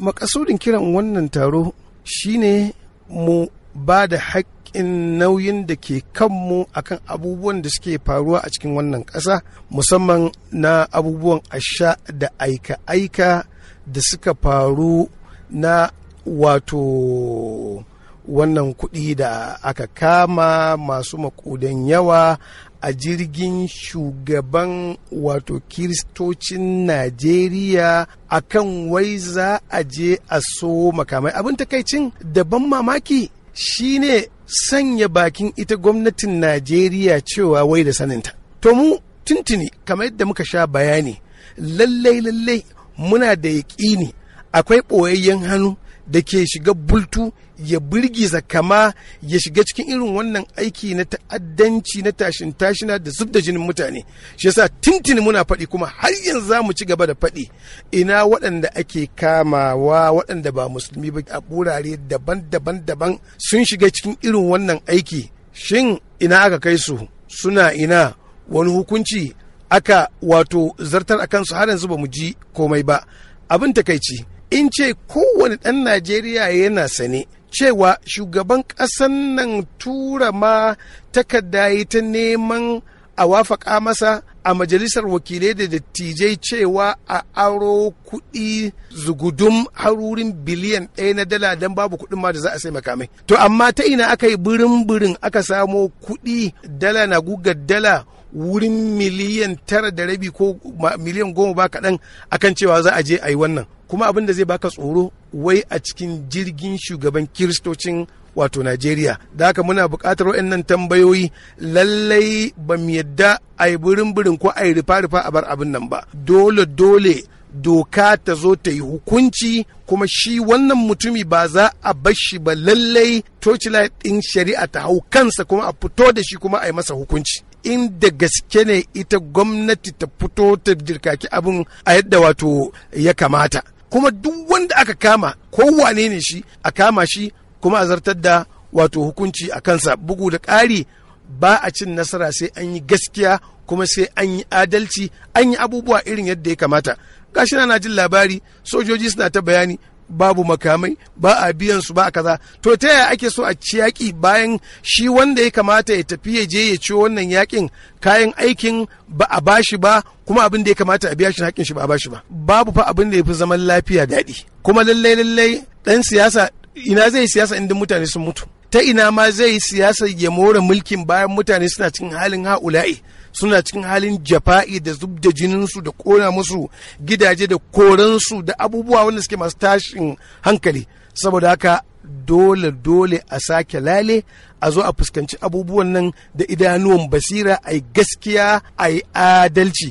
makasudin kiran wannan taro shine mu ba da haƙƙin nauyin da ke kanmu akan abubuwan da suke faruwa a cikin wannan ƙasa musamman na abubuwan asha da aika-aika da suka faru na wato wannan kuɗi da aka kama masu makudan yawa a jirgin shugaban wato kiristocin najeriya a kan wai za a je a so makamai abin takaicin daban mamaki shine sanya bakin ita gwamnatin najeriya cewa wai da saninta to mu tuntuni kamar yadda muka sha bayani lallai lallai muna da yaƙini akwai ɓoyayyen hannu da ke shiga bultu ya birgiza kama ya shiga cikin irin wannan aiki na ta'addanci na tashin tashina da zub da jinin mutane shi yasa tintini muna faɗi kuma har yanzu za mu ci gaba da faɗi ina waɗanda ake kamawa waɗanda ba musulmi ba a ɓurare daban-daban daban sun shiga cikin irin wannan aiki shin ina aka kai su suna ina wani hukunci aka wato zartar a kansu har yanzu ba mu ji komai ba abin takaici in ce kowane ɗan najeriya yana sane cewa shugaban ƙasan nan tura ma takarda yi ta neman a wafaƙa masa a majalisar wakilai da dattijai cewa a aro kuɗi zugudum harurin biliyan ɗaya na dala don babu kuɗin ma da za a sai makamai. To amma ta ina aka yi birin birin aka samo kuɗi dala na gugar dala wurin miliyan tara da rabi ko miliyan goma ba kaɗan akan cewa za a je a yi wannan kuma abin da zai baka tsoro wai a cikin jirgin shugaban kiristocin wato najeriya da haka muna buƙatar waɗannan tambayoyi lallai ba mu yadda a yi birin ko a yi rufa-rufa a bar abin nan ba dole dole doka ta zo ta yi hukunci kuma shi wannan mutumi ba za a bar shi ba lallai tocila ɗin shari'a ta hau kansa kuma a fito da shi kuma a yi masa hukunci inda gaske ne ita gwamnati ta fito ta dirkaki abin a yadda wato ya kamata kuma duk wanda aka kama kowane ne shi a kama shi kuma a zartar da wato hukunci a kansa bugu da ƙari ba a cin nasara sai an yi gaskiya kuma sai an yi adalci an yi abubuwa irin yadda ya kamata gashi na jin labari sojoji suna ta bayani babu makamai ba a biyan su ba a kaza to ta yaya ake so a ci yaƙi bayan shi wanda ya kamata ya tafi ya je ya ciwo wannan yaƙin kayan aikin ba a bashi ba kuma abin da ya kamata a biya shi haƙin shi ba a bashi ba babu fa abin da ya fi zaman lafiya daɗi kuma lallai lallai ɗan siyasa ina zai siyasa inda mutane sun mutu ta ina ma zai yi siyasar ya more mulkin bayan mutane suna cikin halin ha'ula'i suna cikin halin jafa'i da zub da jininsu da kona musu gidaje da koransu da abubuwa wanda suke masu tashin hankali saboda haka dole dole a sake lale a zo a fuskanci abubuwan nan da idanuwan basira a yi gaskiya a yi adalci